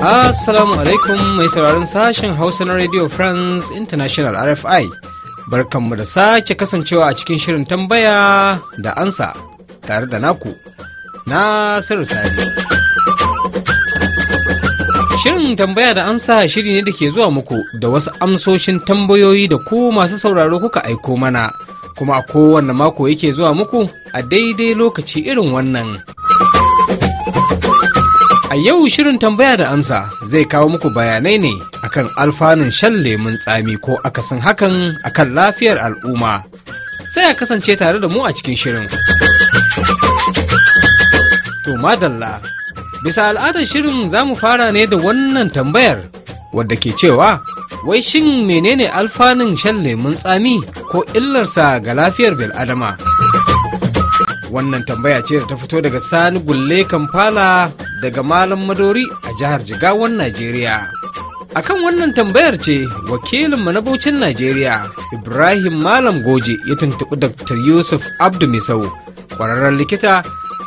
Assalamu alaikum mai sauraron sashen Hausa na Radio France International RFI. Barkanmu da sake kasancewa a cikin shirin tambaya da ansa tare da naku. Nasiru Sani. Shirin tambaya da ansa shiri ne da ke zuwa muku da wasu amsoshin tambayoyi da ku masu sauraro kuka aiko mana, kuma a kowane mako yake zuwa muku a daidai lokaci irin wannan. A yau shirin tambaya da amsa zai kawo muku bayanai ne akan alfanun shan lemun tsami ko akasin hakan akan lafiyar al'umma. Sai a kasance tare da mu a cikin shirin. To madalla. Bisa al'adar shirin za mu fara ne da wannan tambayar wadda ke cewa wai shin menene alfanun shan lemun tsami ko illarsa ga lafiyar bil'adama? Wannan tambaya ce da ta fito daga Sani Gulle Kampala daga Malam Madori a jihar Jigawan Najeriya. akan wannan tambayar ce Wakilin na Najeriya Ibrahim Malam Goje ya tuntuɓi Dr. Yusuf Abdu Misau, kwararren likita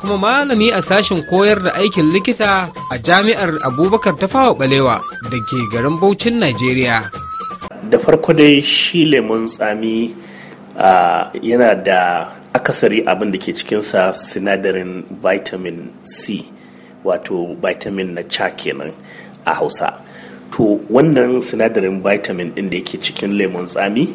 kuma malami a sashen koyar da aikin likita a jami'ar abubakar ta tafawa balewa da ke garin Bauchin Najeriya. Da farko dai shi lemun tsami yana da akasari abin da ke cikinsa sinadarin vitamin C wato vitamin na ca kenan a Hausa. To wannan sinadarin vitamin ɗin da yake cikin lemon tsami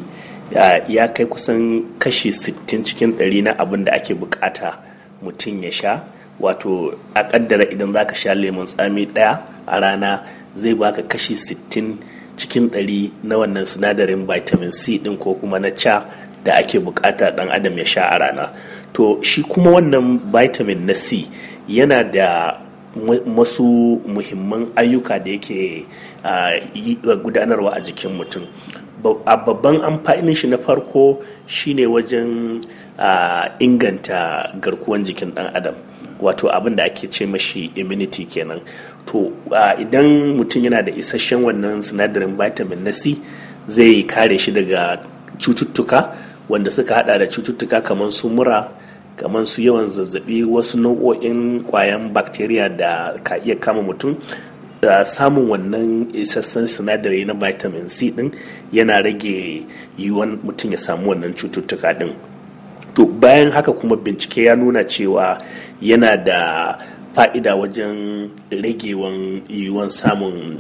ya kai kusan kashi 60 cikin 100 na abin da ake bukata. mutum ya sha wato a kaddara idan zaka sha lemon tsami ɗaya a rana zai baka kashi 60 cikin 100 na wannan sinadarin vitamin c din ko kuma na ca da ake bukata dan adam ya sha a rana to shi kuma wannan vitamin na c yana da masu muhimman ayyuka da yake ah, gudanarwa a jikin mutum a babban amfanin shi na farko shine wajen inganta garkuwan jikin dan adam wato abin da ake ce mashi immunity kenan to idan mutum yana da isasshen wannan sinadarin vitamin na c zai kare shi daga cututtuka wanda suka hada da cututtuka kamar su mura kamar su yawan zazzabi wasu nau'o'in kwayan bacteria da ka iya kama mutum da samun wannan isassun sinadari na vitamin c din yana rage yiwuwan mutum ya samu wannan cututtuka din to bayan haka kuma bincike ya nuna cewa yana da fa'ida wajen ragewan yiwuwan samun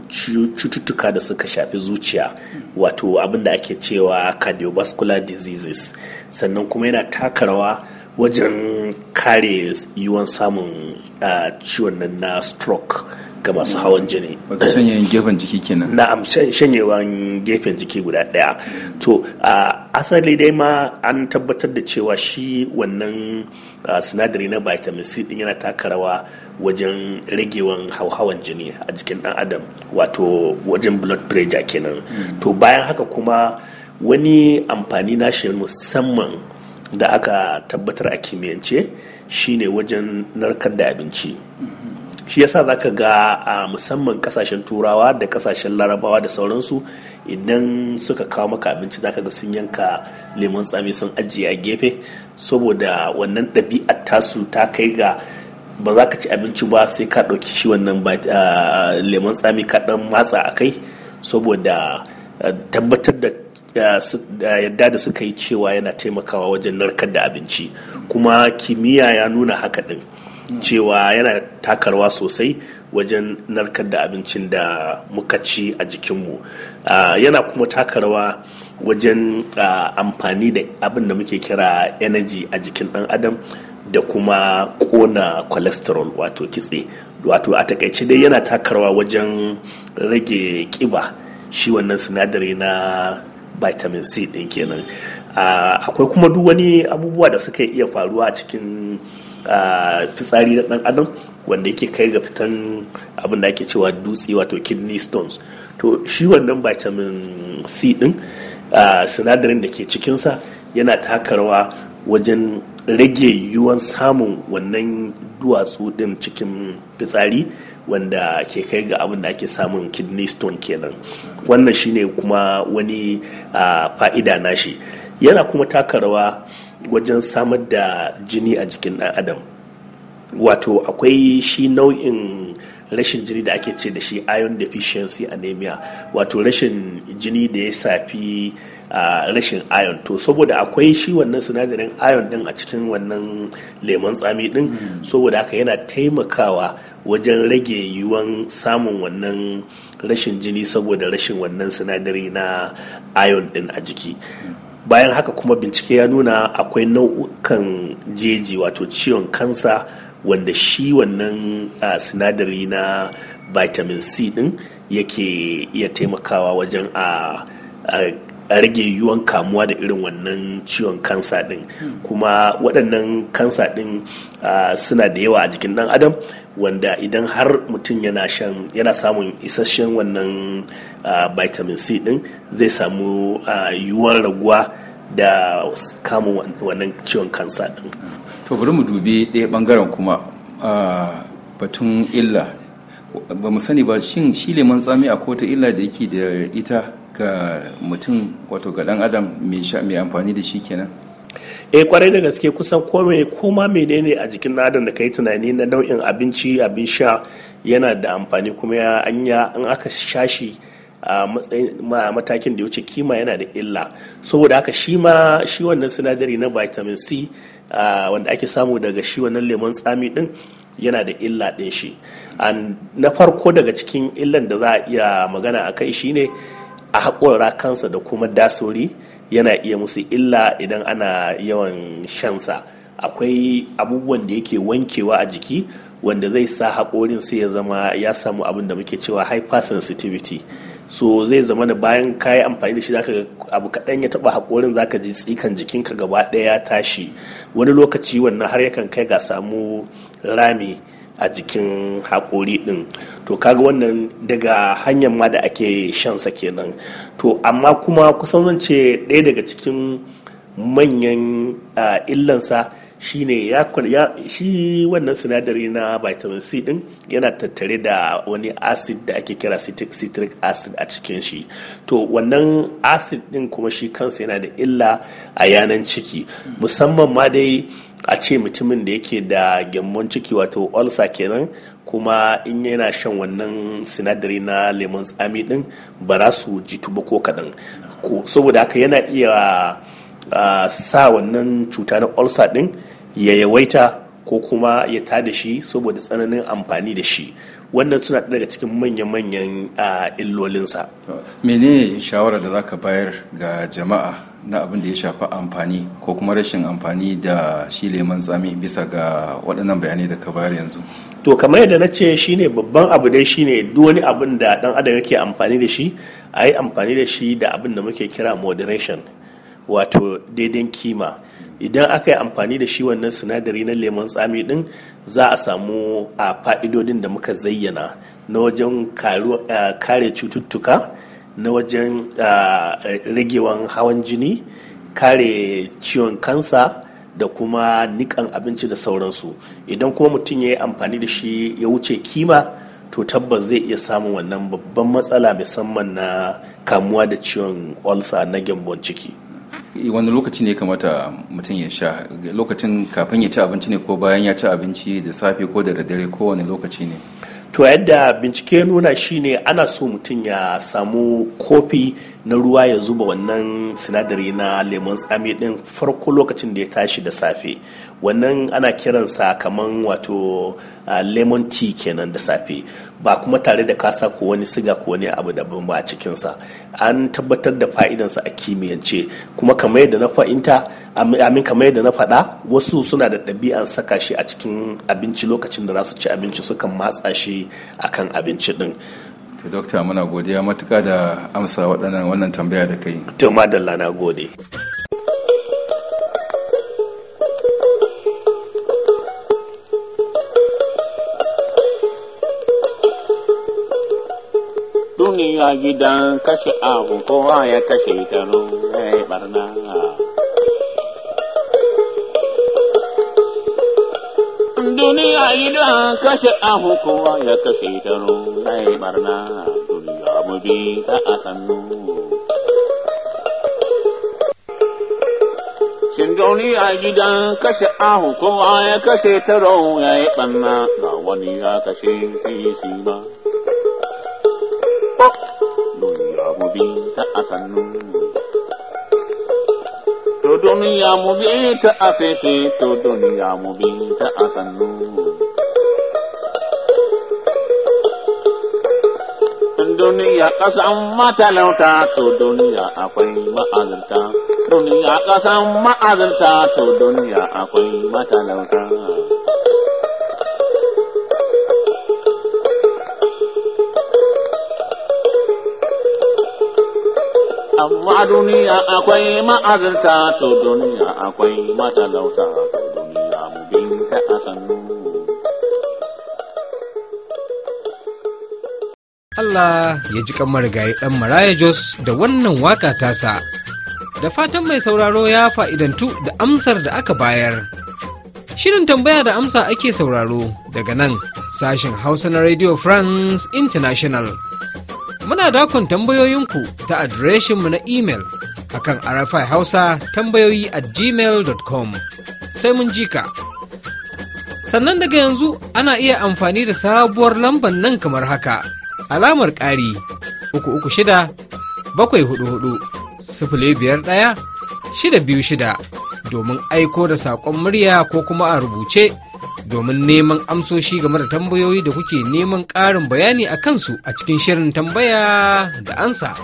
cututtuka da suka shafi zuciya wato abinda ake cewa cardiovascular diseases sannan kuma yana taka rawa wajen kare yiwuwan samun ah, ciwon na stroke ga masu hawan jini shanyewan gefen jiki kenan na'am shanyewan gefen jiki guda ɗaya to a asali dai ma an tabbatar da cewa shi wannan sinadari na vitamin c ɗin yana taka rawa wajen ragewan hawan jini a jikin ɗan adam wato wajen blood pressure kenan hmm. to bayan haka kuma wani amfani nashi musamman da aka tabbatar a kimiyyance shine wajen narkar da abinci hmm. shi yasa za ka ga a musamman kasashen turawa da kasashen larabawa da sauransu idan suka kawo maka abinci za ka ga sun yanka lemun tsami sun ajiye a gefe saboda wannan ɗabi'ar tasu ta kai ga ba za ka ci abinci ba sai ka ɗauki shi wannan lemon tsami kaɗan ɗan matsa a kai saboda tabbatar da yadda da suka yi cewa yana taimakawa wajen narkar da abinci kuma kimiyya ya nuna haka ɗin. cewa yana takarwa sosai wajen narkar da abincin da muka ci a jikinmu yana kuma takarwa wajen amfani da abin da muke kira energy a jikin ɗan adam da kuma kona cholesterol wato kitse wato a takaice dai yana takarwa wajen rage kiba shi wannan sinadari na vitamin c ɗin kenan akwai kuma duk wani abubuwa da suka iya faruwa a cikin fitsari na dan adam wanda yake kai ga fitan abin da ake cewa dutse wato kidney stones to shi wannan vitamin c din sinadarin da ke cikinsa yana taka rawa wajen rage yiwuwan samun wannan duwatsu din cikin fitsari wanda ke kai ga abin da ake samun kidney stone kenan wannan shine kuma wani fa'ida nashi yana kuma taka rawa wajen samar da jini a jikin ɗan adam wato akwai shi nau'in rashin jini da ake ce da shi iron deficiency anemia wato rashin jini da ya safi rashin iron to saboda akwai shi wannan sinadarin iron din a cikin wannan lemon tsami din hmm. saboda haka yana taimakawa wajen rage yiwuwan samun wannan rashin jini saboda rashin wannan sinadari na iron din a jiki bayan haka kuma bincike ya nuna akwai nau'ukan jeji wato ciwon kansa wanda shi wannan uh, sinadari na vitamin c din yake iya taimakawa wajen a uh, uh, ah, rage yiwuwan kamuwa da irin wannan ciwon kansa din kuma waɗannan kansa din suna da yawa a jikin ɗan adam wanda idan har mutum yana samun isasshen wannan vitamin c din zai samu yiwuwan raguwa da kamun wannan ciwon kansa din to bari mu dubi ɗaya ɓangaren kuma batun illa ba mu sani ba shin shi leman tsami a kota illa da yake da ita ga mutum wato ga dan adam mai amfani da shi kenan eh kwarai da gaske kusan kome kuma menene a jikin na adam da kai tunani na nau'in abinci abin sha yana da amfani kuma ya anya an aka sha shi a matakin da ya wuce kima yana da illa saboda haka shi ma shi wannan sinadari na vitamin c wanda ake samu daga shi wannan lemon tsami din yana da illa din shi na farko daga cikin illan da za a iya magana a kai shine ne a haƙura rakansa da kuma dasori yana iya musu illa idan ana yawan shansa akwai abubuwan da yake wankewa a jiki wanda zai sa haƙorin sai ya zama ya samu abin da muke cewa hypersensitivity so zai zama da bayan ka yi amfani da shi zaka abu kaɗan ya taɓa haƙorin ka ji tsikan jikinka gaba ɗaya ya tashi wani lokaci wannan har yakan kai ga samu rami a jikin hakori ɗin to kaga wannan daga hanyar ma da ake shansa kenan to amma kuma kusan zan ce ɗaya daga cikin manyan illansa shine ya, ya shi wannan sinadari na vitamin c din yana tattare da wani acid da ake kira citric, citric acid a cikin shi to wannan acid din kuma shi kansa yana da illa a yanan ciki musamman ma dai a ce mutumin da yake da gyambon ciki wato olsa kenan kuma in yana shan wannan sinadari na lemon tsami din ba za su ji ba ko kaɗan saboda haka yana iya sa wannan cuta na olsa din ya yawaita ko kuma ya ta da shi saboda tsananin amfani da shi wannan suna daga cikin manya-manyan illolinsa. menene shawara da za ka bayar ga jama'a na abin da ya shafi amfani ko kuma rashin amfani da shi leman tsami bisa ga waɗannan bayanai da ka bayar yanzu to kamar yadda na ce shine babban abu dai shine duk wani abin da dan adam yake amfani da shi a yi amfani da shi da abin da muke kira moderation wato daidai kima idan aka yi amfani da shi wannan sinadari na lemun tsami din za a samu a fa'idodin da muka zayyana na wajen eh, kare cututtuka na wajen ah, ragewan hawan jini kare ciwon kansa da kuma nikan abinci da sauransu idan kuma mutum ya yi amfani da shi ya wuce kima to tabbas zai iya samun wannan babban matsala musamman na kamuwa da ciwon olsa na gyambon ciki wani lokaci ne kamata mutum ya sha lokacin kafin ya ci abinci ne ko bayan ya ci abinci da safe ko da dare ko wani lokaci ne to yadda bincike nuna shine ana so mutum ya samu kofi na ruwa ya zuba wannan sinadari na lemon tsami din farko lokacin da ya tashi da safe wannan ana kiransa kaman wato lemon tea kenan da safe ba kuma tare da kasa ko wani siga ko wani abu daban ba a cikinsa an tabbatar da fa'idansa a kimiyyance kuma kamar yadda na fa'inta amin kamar yadda na faɗa wasu suna da ɗabi'an saka shi a cikin abinci lokacin da za su ci abinci sukan matsa shi akan abinci din. ta dokta muna godiya matuka da amsa waɗannan wannan tambaya da kai to madalla na gode duniya gidan kashe abu kowa ya kashe ita ruwa barna duniya gidan kashe ahu kowa ya kashe ta rai barna duniya mu bi ta a sannu. Shin duniya gidan kashe ahu kowa ya kashe ta ya yi barna na wani ya kashe sisi ba. Oh, duniya mu bi ta a sannu. to duniya mu bi ta asese to duniya mu bi ta a sannu duniya ƙasan matalauta to duniya akwai ma'azarta duniya ma ma'azarta to duniya akwai matalauta amma duniya akwai ma'azarta to duniya akwai matalauta Allah ya ji kan marigayi ɗan Maraya Jos da wannan waka tasa. Da fatan mai sauraro ya fa'idantu da amsar da aka bayar. Shirin tambaya da amsa ake sauraro daga nan sashen Hausa na Radio France International. Muna dakon tambayoyinku ta adireshinmu na imel akan arafa hausa tambayoyi at gmail.com sai mun ji ka. sannan daga yanzu ana iya amfani da sabuwar lambar nan kamar haka alamar ƙari uku uku shida bakwai hudu hudu sifili biyar ɗaya shida biyu shida domin aiko da saƙon murya ko kuma a rubuce domin neman amsoshi game da tambayoyi da kuke neman ƙarin bayani a kansu a cikin shirin tambaya da ansa.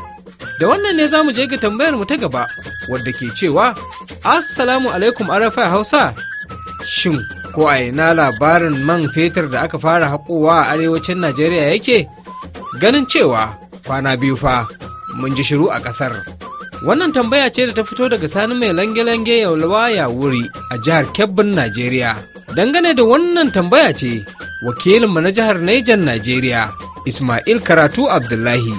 Da wannan ne za mu je ga tambayar mu ta gaba wadda ke cewa Assalamu alaikum arafa Hausa. Shin ko a ina labarin man fetur da aka fara haƙowa a arewacin Najeriya yake? ganin cewa kwana biyu fa mun ji shiru a ƙasar. Wannan tambaya ce da ta fito daga sani mai lange-lange ya wuri a jihar Kebbin Najeriya. Dangane da wannan tambaya ce wakilinmu na jihar Nijar Najeriya Ismail Karatu Abdullahi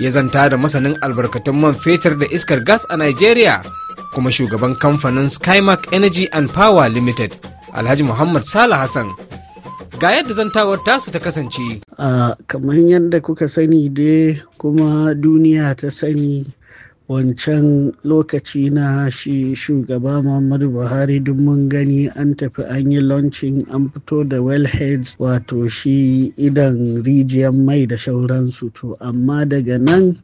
ya zanta da masanin albarkatun man fetur da iskar gas a Najeriya kuma shugaban kamfanin Skymark Energy and Power Limited Alhaji Muhammad Sala Hassan ga yadda zantawar tasu ta kasance. a kamar yadda kuka sani dai kuma duniya ta sani wancan lokaci na shi shugaba muhammadu buhari duk mun gani an tafi an yi launching an fito da wellheads wato shi idan rijiyar mai da shauransu to amma daga nan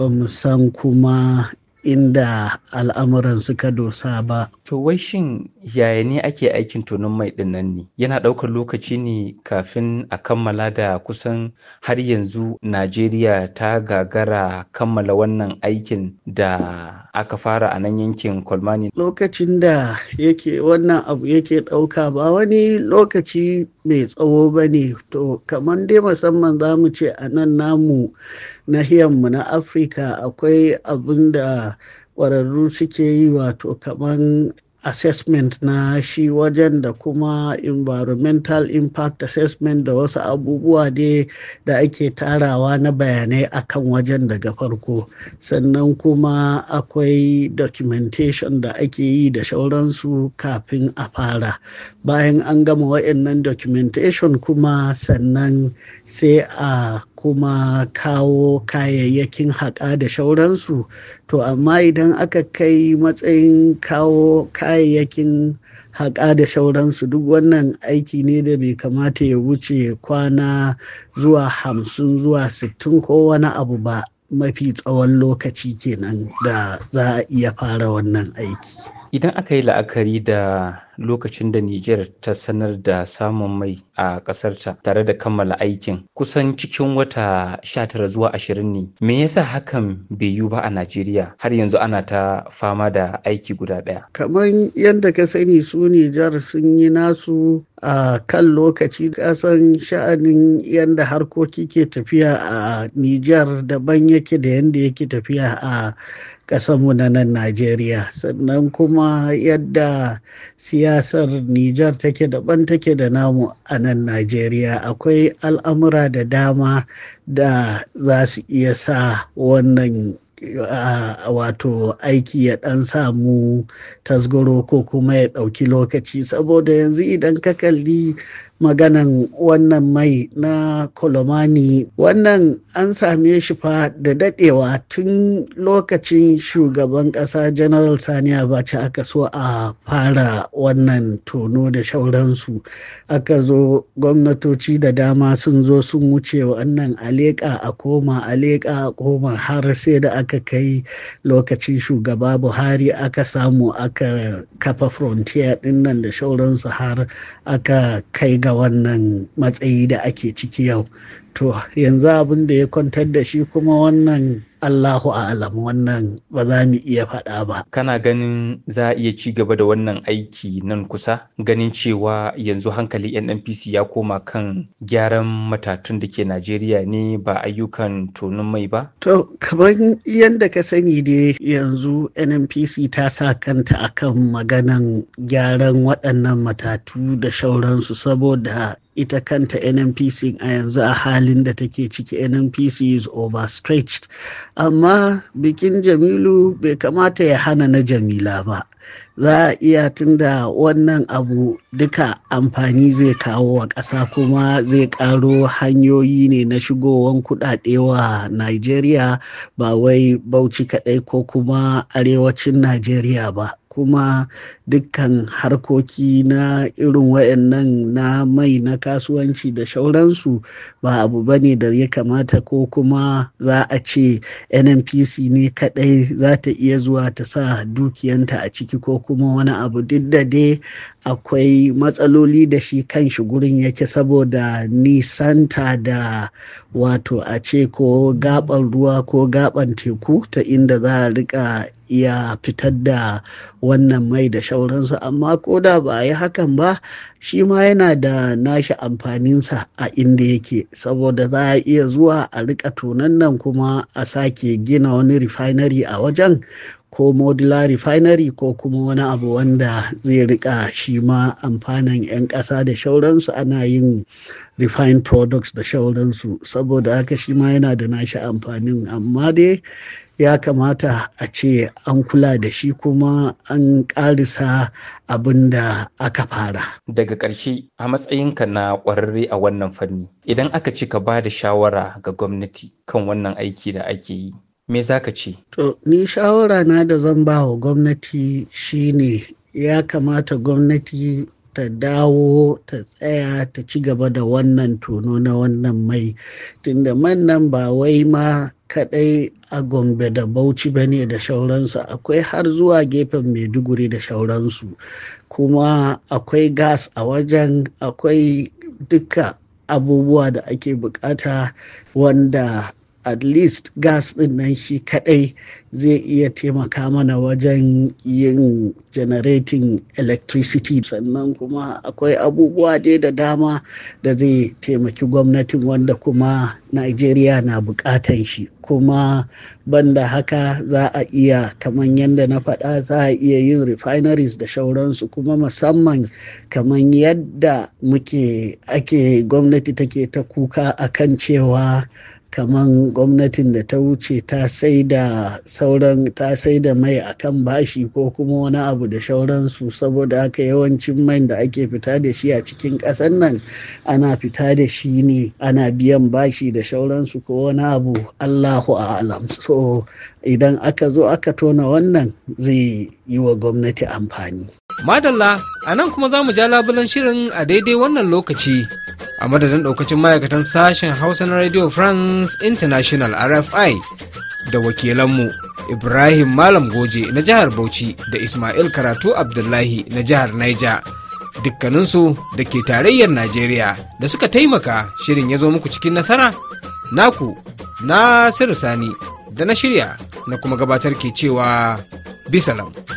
ba mu san kuma inda al'amuran suka dosa ba. To wai shin yaya ne ake aikin tonon mai dinnan ne? Yana ɗaukar lokaci ne kafin a kammala da kusan har yanzu Najeriya ta gagara kammala wannan aikin da aka fara a nan yankin Kolmani. Lokacin da yake wannan abu yake ɗauka ba wani lokaci mai tsawo ba ne to kamar dai musamman za mu ce a nan namu nahiyarmu na afirka akwai abin da ƙwararru suke yi wato kaman assessment na shi wajen da kuma environmental impact assessment da wasu abubuwa ne da ake tarawa na bayanai akan wajen daga farko sannan kuma akwai documentation da ake yi da sauransu kafin a fara bayan an gama wa'annan documentation kuma sannan sai a kuma kawo kayayyakin haƙa da sauransu to amma idan aka kai matsayin kawo kayayyakin haƙa da sauransu duk wannan aiki ne da bai kamata ya wuce kwana zuwa hamsin zuwa sittin ko wani abu ba mafi tsawon lokaci kenan da za a iya fara wannan aiki idan aka yi la'akari da lokacin da Nijar ta sanar da samun mai a ƙasarta tare da kammala aikin kusan cikin wata 19 zuwa 20 ne. Me yasa hakan bai yiwu ba a Najeriya har yanzu ana ta fama da aiki guda ɗaya? Kamar yadda ka sani su Nijar sun yi nasu a kan lokaci kasan sha'anin yadda harkoki ke tafiya a Nijar daban yake da yadda yake tafiya a ƙasarmu na nan Najeriya sannan kuma yadda siya siyasar Nijar take daban take da namu a nan Najeriya akwai al'amura da dama da za su iya sa wannan ah, wato aiki ya ɗan samu tasgoro ko kuma ya ɗauki lokaci saboda yanzu idan ka kalli maganan wannan mai na kolomani wannan an same shi fa da dadewa tun lokacin shugaban kasa general sani abacha aka so a fara wannan tono da shauransu aka zo gwamnatoci da dama sun zo sun wuce wannan aleka a koma aleka a koma har sai da aka kai lokacin shugaba buhari aka samu aka kafa frontier ɗinnan da shauransu har aka kai ga wannan matsayi da ake ciki yau to yanzu abin da ya kwantar da shi kuma wannan Allahu alam wannan ba za mu iya faɗa ba. Kana ganin za a iya ci gaba da wannan aiki nan kusa ganin cewa yanzu hankali NNPC ya koma kan gyaran matatun da ke Najeriya ne ba ayyukan tonin mai ba? To, kamar yadda ka sani dai yanzu NNPC ta sa kanta akan maganan gyaran waɗannan matatu da sauransu saboda ita kanta nnpc a yanzu a halin da take ciki nnpc is overstretched amma bikin jamilu bai kamata ya hana na jamila ba za a iya tunda wannan abu duka amfani zai kawo wa ƙasa kuma zai ƙaro hanyoyi ne na shigowan kuɗaɗe wa Najeriya ba wai bauchi kaɗai ko kuma arewacin Najeriya ba. kuma dukkan harkoki na irin wayannan na mai na kasuwanci da shauransu ba abu ba ne da ya kamata ko kuma za a ce nnpc ne kadai za ta iya zuwa ta sa dukiyanta a ciki ko kuma wani abu duk da dai akwai matsaloli da shi kan shi gurin yake saboda nisanta da wato a ce ko gaban ruwa ko gaban teku ta inda za a rika iya fitar da wannan mai da shauransu amma ko da ba a yi hakan ba shi ma yana da nashi amfaninsa a inda yake saboda za a iya zuwa a rika tunan nan kuma a sake gina wani refinery a wajen ko modular refinery ko kuma wani abu wanda zai rika shi ma amfanin 'yan ƙasa da shauransu ana yin refined products da shauransu saboda haka shi ma yana da nashi amfanin amma dai ya kamata a ce an kula da shi kuma an ƙarisa abin da aka fara. Daga ƙarshe a matsayinka na ƙwararre a wannan fanni idan aka ci ka ba da shawara ga gwamnati kan wannan aiki da ake yi me za ka ce? To ni shawara na da zan ba wa gwamnati shine ya kamata gwamnati ta dawo ta tsaya ta ci gaba da wannan tono na wannan mai tunda man nan ba wai ma kadai a gombe da bauchi bane da shauransu akwai har zuwa gefen maiduguri da shauransu kuma akwai gas a wajen akwai duka abubuwa da ake bukata wanda at least gas din nan shi kadai zai iya taimaka mana wajen yin generating electricity sannan kuma akwai abubuwa dai da dama da zai taimaki gwamnatin wanda kuma Najeriya na bukatan shi kuma banda haka za a iya kamar yadda na faɗa za a iya yin refineries da shauransu kuma musamman kamar yadda muke ake gwamnati take ta kuka akan cewa kaman gwamnatin da ta wuce ta sai da sauran ta sai da mai a kan bashi ko kuma wani abu da sauransu saboda haka yawancin mai da ake fita da shi a cikin ƙasar nan ana fita da shi ne ana biyan bashi da sauransu ko wani abu allahu alam so idan aka zo aka tona wannan zai yi wa gwamnati amfani madalla a nan kuma za mu ja labulan shirin a daidai wannan lokaci a madadin daukacin ma'aikatan sashen hausa na radio france international rfi da wakilanmu ibrahim malam goje na jihar bauchi da ismail karatu abdullahi na jihar niger dukkaninsu da ke tarayyar najeriya da suka taimaka shirin ya zo muku cikin nasara naku na sani da na shirya na kuma gabatar ke cewa bisalam